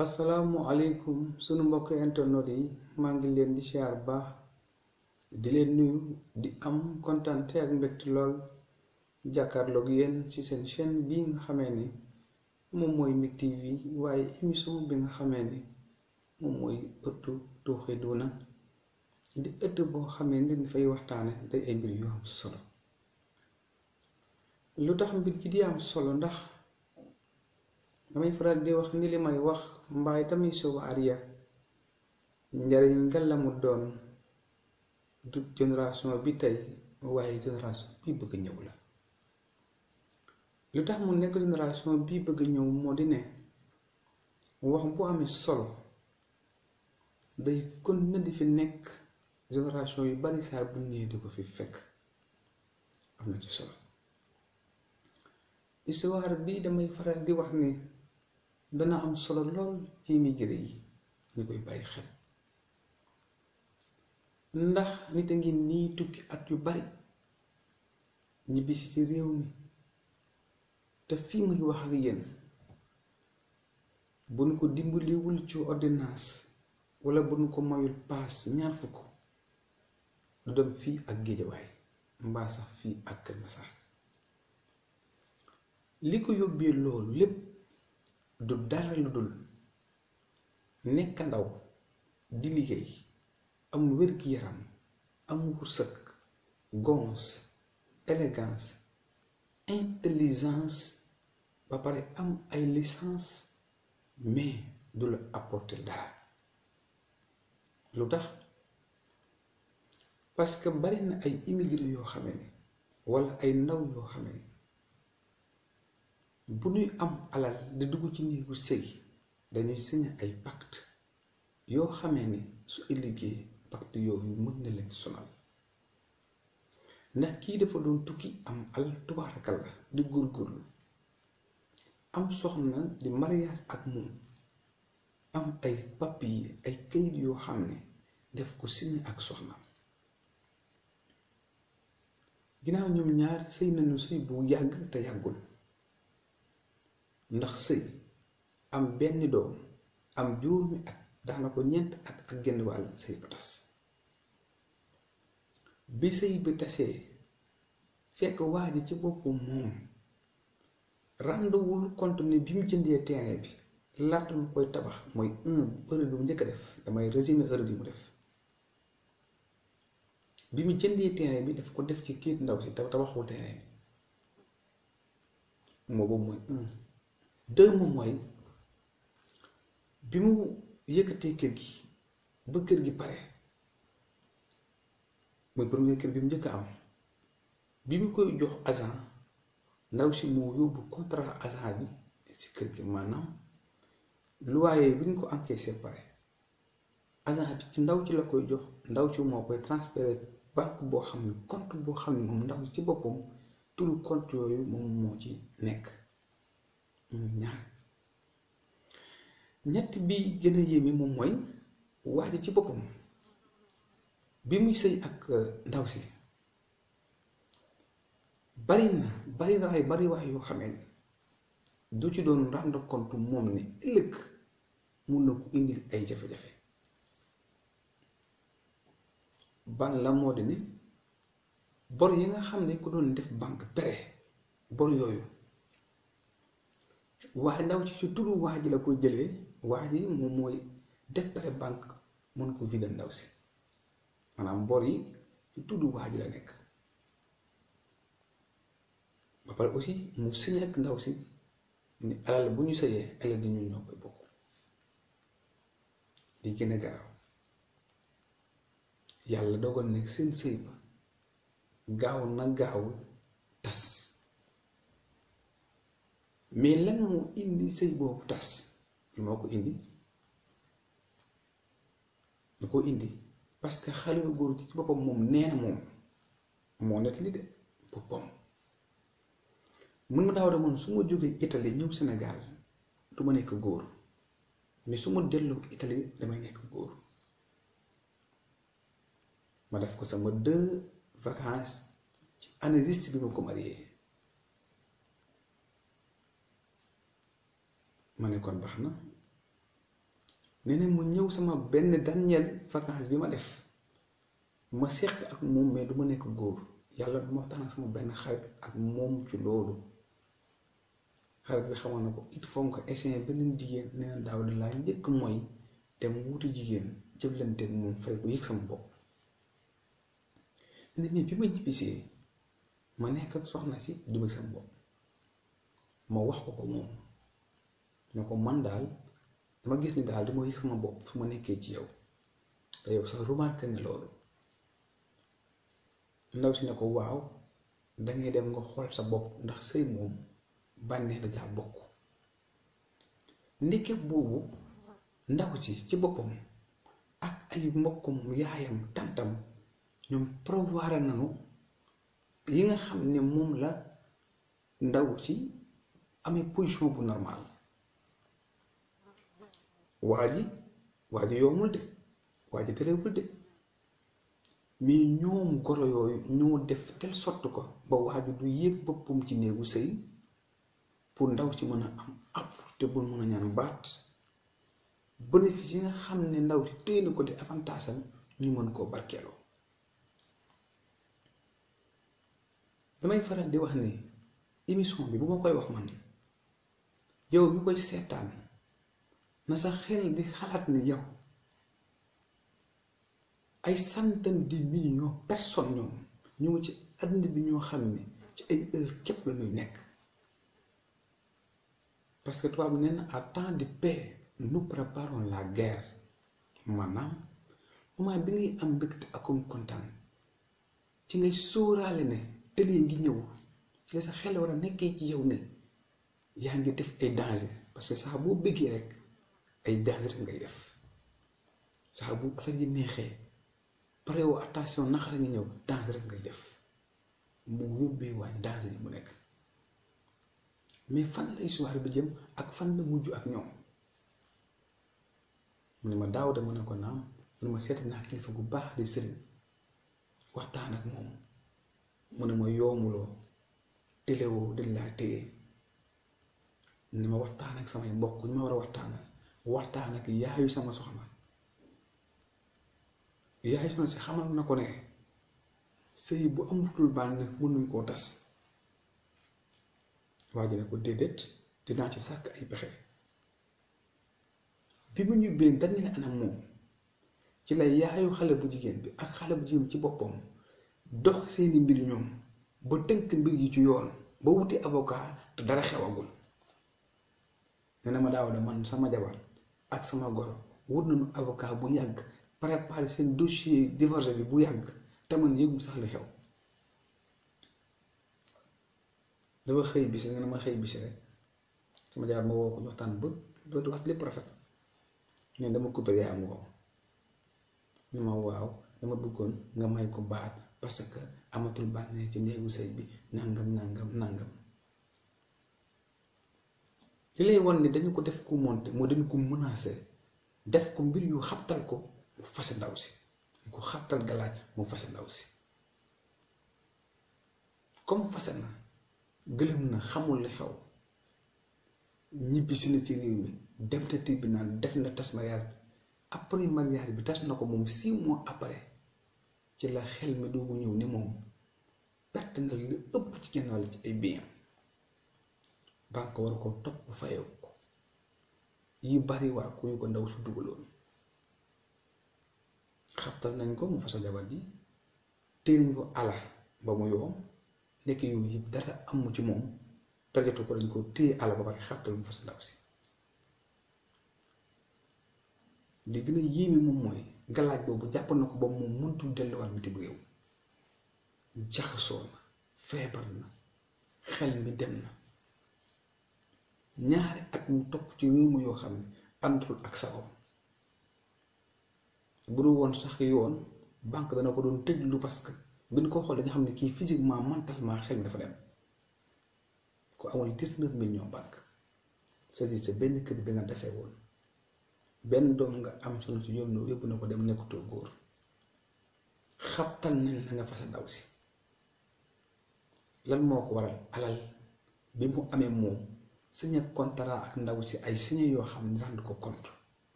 asalaamualeykum sunu mbokk internet yi maa ngi leen di siyaar baax di leen nuyu di am kontante ak mbégte lool jàkkaarloog yéen ci seen chaîne bi nga xamee ni moom mooy MIG TV waaye émission bi nga xamee ni moom mooy ëttu na di ëtt boo xamee ni fay waxtaane day ay mbir yu am solo lu tax mbir yi di am solo ndax damay faral di wax ni li may wax mbaa itam soobu ariya njariñ nga la mu doon du génération bi tey waaye génération bi bëgg ñëw la lu tax mu nekk génération bi bëgg ñëw moo di ne wax bu ame solo day continué di fi nekk génération yu bari saa bu ñëwee di ko fi fekk am na ci solo histoire bi damay faral di wax ni dana am solo lool ci immigré yi ñu koy bàyyi xel ndax nit a ngi nii tukki at yu bari ñibbisi ci réew mi te fii muy wax ak yéen bu nu ko dimbaliwul ci ordonnance walla bu nu ko mayul paas ñaar fukk du dem fii ak géejawaay mbaa sax fii ak Kër li ko yóbbee loolu lépp du dara lu ndaw di am élégance intelligence ba pare am licence mais de la apporter dara lu parce que bari na ay immigré yoo ne ay bu ñuy am alal di dugg ci néegu sëy dañuy signé ay pacte yoo xamee ni su ëllëgee pacte yooyu mën na leen sonal ndax kii dafa doon tukki am alal la di góorgóorlu am soxna di mariage ak moom am ay papier ay kayit yoo xam ne def ko signé ak soxna ginnaaw ñoom ñaar sëy nañu sëy bu yàgg te yàggul ndax sëy am benn doom am juróomi at daanaka ñeent at ak genn wàll sëy ba tas bi sëy bi tasee fekk waa ji ci boppu moom rendewul compte ne bi mu jëndee terrain bi laata mu koy tabax mooy un heure bi mu njëkk a def damay résumer heure bi mu def bi mu jëndee terrain bi daf ko def ci kayit ndaw si tabaxul terrain bi moo boobu mooy un doy moy bi mu yëkkatee kër gi ba kër gi pare mooy premier kër bi mu njëkk am bi mu koy jox agent ndaw si moo yóbbu contrat agent bi si kër gi maanaam loyer bi ñu ko encaissé pare agent bi ci ndaw ci la koy jox ndaw ci moo koy transféré banque boo xam ne compte boo xam ne moom ndaw ci boppam turu compte yooyu moom moo ci nekk ñaar ñett bi gëna a yéeme moom mooy waaja ci boppam bi muy sëy ak euh, ndaw si bari na bari na ay bari wax yoo xamee ni du ci doon rendre compte moom ni ëllëg mun na ko indil ay jafe-jafe ban la moo di ne bor yi nga xam ne doon def banque pere bor yooyu wax ndaw si ci turu wax ji la koy jëlee wax yi moom mooy dépare banque mën ko vidé ndaw si maanaam bor yi ci turu wax ji la nekk ba pare aussi mu signé ak ndaw si ni alal bu ñu sëyee alal di ñun ñoo koy bokk di gën a garaaw yàlla dogal nekk seen sëy ba gaaw na gaawul tas mais lan moo indi sëy boobu tas lu moo ko indi lu ko indi parce que xale bu góor gi ci boppam moom nee moom moo nettali de boppam mun ma daaw de man su ma jógee itali ñëw Sénégal duma nekk góor mais su ma delloo damay nekk góor ma def ko sama deux vacances ci analyste bi ma ko marié ma ne kon baxna néné nee mu ñëw sama benn daniel vacances bima ma def ma seq ak mom mais duma ma goor yalla duma tan sama benn xarit ak mom ci lolu xarit bi xamoon ko it fon ko essayer beneen jigéen néna daawul daaw ñëk laa té mu wutu wuti jëblanté jëflante moom fay ko yëg sama bopp néné mais bima ma ma nekk ak soxna si duma sama bopp ma wax ko ko mom ne ko man daal dama gis ni daal dama yëg sama bopp su ma nekkee ci yow te yow sax remarqué nga loolu ndaw si ne ko waaw ngay dem nga xool sa bopp ndax sëy moom bànneex da caa bokk ndeke boobu ndaw si ci boppam ak ay mbokkum yaayam tantam ñoom prévoir nañu yi nga xam ne moom la ndaw ci amee position bu normal waa ji waa ji yombul de waa ji tëlewul de mais ñoom goro yooyu ñoo def tel sot ko ba waa ji du yéeg boppam ci néegu sëy pour ndaw ci mën a am àpp te bu mën a ñaan baat bénéfice yi nga xam ne ndaw ci téye na ko di avantage ñu mën koo barkeeloo damay faral di wax ne émission bi bu ma koy wax man yow mi koy seetaan na sa xel di xalaat ni yow ay de millions personne, ñoom ñu ci bi ñoo parce que toi nee à temps de paix nous préparons la guerre maanaam suis bi ngay am mbégte akum kontaan ci ngay sóoraale ne ngi ñëw ci sa xel war a ci yow parce que ay jaxase ngay def saa bu affaire yi neexee pare woo attention naqare nga ñëw danse rek ngay def mu yóbbee waa danse yi mu nekk mais fan la histoire bi jëm ak fan la mujj ak ñoom mu ne ma daaw de mën na ko naam mu ne ma seeti naa kilifa bu baax di sëriñ waxtaan ak moom mu ne ma yoomuloo téléwoo dañ laa téye ne ma waxtaan ak samay mbokk ñu ma war a waxtaanal waxtaan ak yaayu sama soxna yaayu soxna si xamal na ko ne sëy bu amatul bànneex mën nañ koo tas waa ji ne ko déedéet dinaa ci sàkk ay pexe bi mu ñu béen dañ ne anam moom ci la yaayu xale bu jigéen bi ak xale bu jigéen ci boppam dox seeni mbir ñoom ba tënk mbir yi ci yoon ba wuti avocat te dara xewagul nee na ma daaw de man sama jabar ak sama goro wut nañu avocat bu yàgg préparé seen dossier divorce bi bu yàgg te man sax li xew dafa xëy bis nga ne ma xëy bis rek sama jabar ma woo ko waxtaan ba ba wax lépp rafet ne dama coupé yaay am ko ni ma waaw dama bëggoon nga may ko baat parce que amatul bànneex ci néegu sëy bi nàngam nangam nangam. li lay wan ni dañu ko def ku monté moo dañu ko menacé def ko mbir yu xabtal ko mu fase ndaw si dañ ko xabtal galaaj mu fase ndaw si comme fase na gëlëm na xamul li xew ñibbi si na ci réew mi dem na tribunal def na tas mariage bi après mariage bi tas na ko moom six mois après ci la xel mi doogu ñëw ni moom perte na lu ëpp ci genn wàll ci ay biens banque war ko topp fayew ko yi bari waa ku ko ndaw su dugaloon xabtal nañ ko mu fas a jabar ji téeriñ ko ala ba mu yoom nekk yooyu yëpp dara amu ci moom perjotu ko dañ ko téye ala ba pare xabtal mu fas ndaw si li gën a yéeme moom mooy galaaj boobu jàpp na ko ba moom mëntul delluwaat bitim réew jaxasoo na feebar na xel mi dem na ñaari at mu topp ci réew mi yoo xam ne àndul ak sagoom bu dul woon sax yoon banque dana ko doon tëjlu parce que ñu ko xool dañu xam ne kii physiquement mentalement xel mi dafa dem ku amul 19 millions banque saisir sa benn kër bi nga dese woon benn doom nga am solo ci yoon yóbbu na ko dem nekkutoo góor xabtal nañ la nga fas a daw si lan moo ko waral alal bi mu amee moom signé contrat ak ndaw si ay signé yoo xam ne rendre ko compte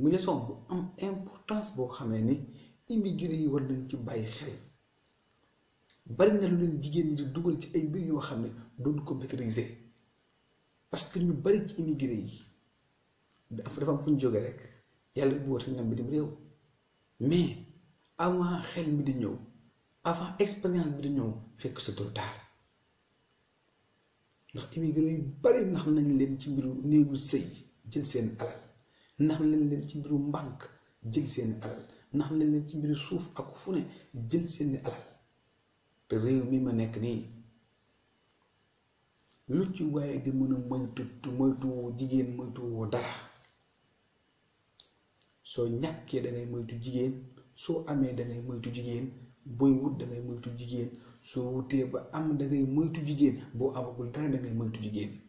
mu leçon bu am importance boo xamee ni immigré yi war nañ ci bàyyi xel bari na lu leen jigéen ñi di dugal ci ay mbir yoo xam ne doon ko maîtriser parce que ñu bari ci immigré yi dafa am fu ñu jógee rek yàlla bu wër nam bi dem réew mais avant xel mi di ñëw avant expérience bi di ñëw fekk c'est trop ndax immigré yu bari nax nañ leen ci mbiru néegu sëy jël seen alal nax nañ leen ci mbiru mbànk jël seen alal nax nañ leen ci mbiru suuf ak fu ne jël seen alal te réew mi ma nekk nii lu ci waaye di mën a moytu moytuwoo jigéen moytuwoo dara soo ñàkkee da moytu jigéen soo amee da moytu jigéen booy wut da moytu jigéen so wuté ba am da ngay moytu jigen bo amagul dara da ngay moytu jigen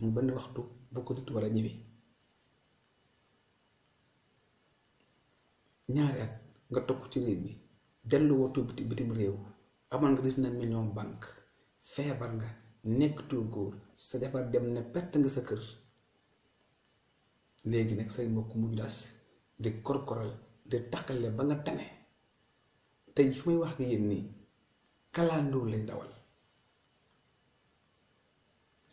mu ben waxtu bu ko nit war ñibi ñaar ñaari at nga top ci nit ñi dellu watu biti bitim réew amal nga dis na million bank febar nga tu góor sa defar dem ne pet nga sa kër léegi nak say mbokk mu das di korkoral di takale ba nga tané tey su may wax ak yéen nii kalandoo lay dawal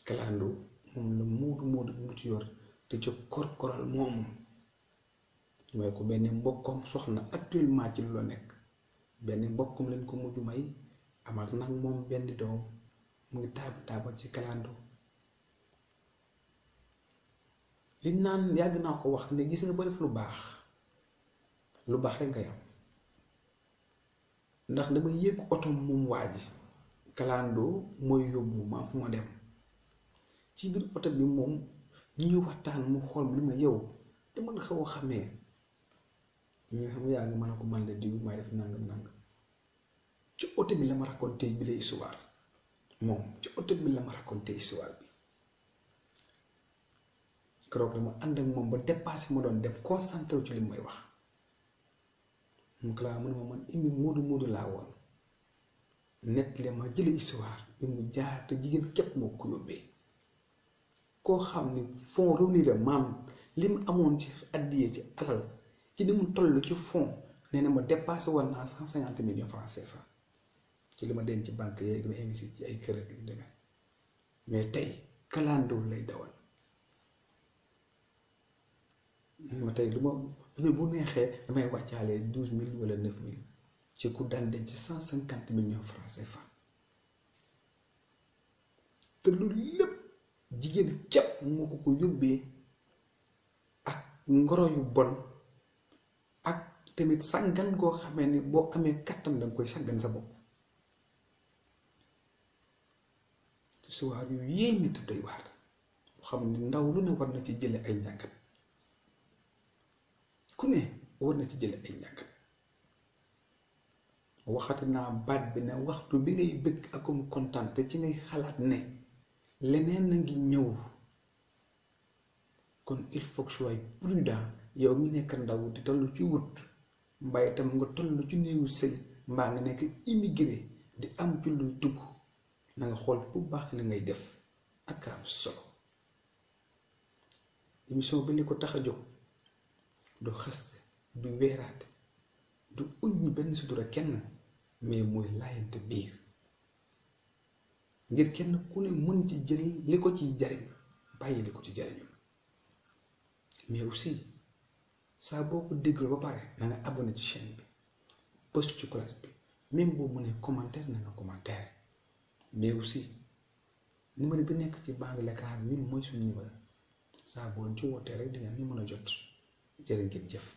kalandoo moom la muudu muudu mu yor te ci korkoral moom may ko benn mbokkam soxna actuellement ci lu nekk benn mbokkam lañ ko mujj may amal nag moom benn doom mu taaba taaba ci kalandoo li naan yàgg naa ko wax ne gis nga ba lu baax lu baax rek nga yam ndax dama yëg oto moom waji kalando mooy yóbbu fuma dem ci biir oto bi moom ñuy waxtaan mu xool li ma yow te man xaw a ñu ñi xam yaa ngi mën a ko man la diw may def nangam nangam ci oto bi la ma raconté bi lay histoire moom ci oto bi la ma raconté bi keroog dama ànd ak moom ba dépassé ma doon def concentré ci li wax mu Clara mu ma man immi muudu muudu laa woon nettali ma jële histoire bi mu jaar te jigéen képp moo ko yóbbee koo xam ni fond revenir maam li mu amoon ci addiyee ci alal ci ni mu toll ci fond nee na ma dépassé woon naa cent cinquante millions francs CFA ci li ma denc ci banque yeeg li ma investi ci ay kër ak yu demee mais tey kalaan lay dawal ma tey du ma heure bu neexee damay wàccaale douze mille wala neuf mille ci ku daan ci cent cinquante millions franc fa te loolu lépp jigéen képp moo ko ko yóbbee ak ngoro yu bon ak tamit sàngan koo xamee ni boo amee kattan danga koy sàngan sa bopp te suwaar yu yéeme te doy waar xam ni ndaw lu ne war na ci jële ay njàngat ku ne war na ci jële ay njàkkat waxatu naa baat bi ne waxtu bi ngay bëgg akum kontaan te ci ngay xalaat ne leneen na ngi ñëw kon il faut que prudent yow mi nekk ndaw di toll ci wut mbaa itam nga toll ci néewu sëy mbaa nga nekk immigré di am ci luy dugg na xool bu baax li ngay def ak am solo émission bi li ko tax a jóg du xaste du weeraate du uññi benn sutura kenn mais mooy laayante biir ngir kenn ku ne mën ci jël li ko ci jariñ bàyyi li ko ci jariñu mais aussi saa boo ko déglu ba pare na nga abonné ci chaîne bi post ci classe bi même boo ne commentaire na nga commentaire mais aussi numéro bi nekk ci bande l'écran bi ñun mooy suñu numéro saa boo ci wootee rek di nga mën a jot jërë ngeen jëf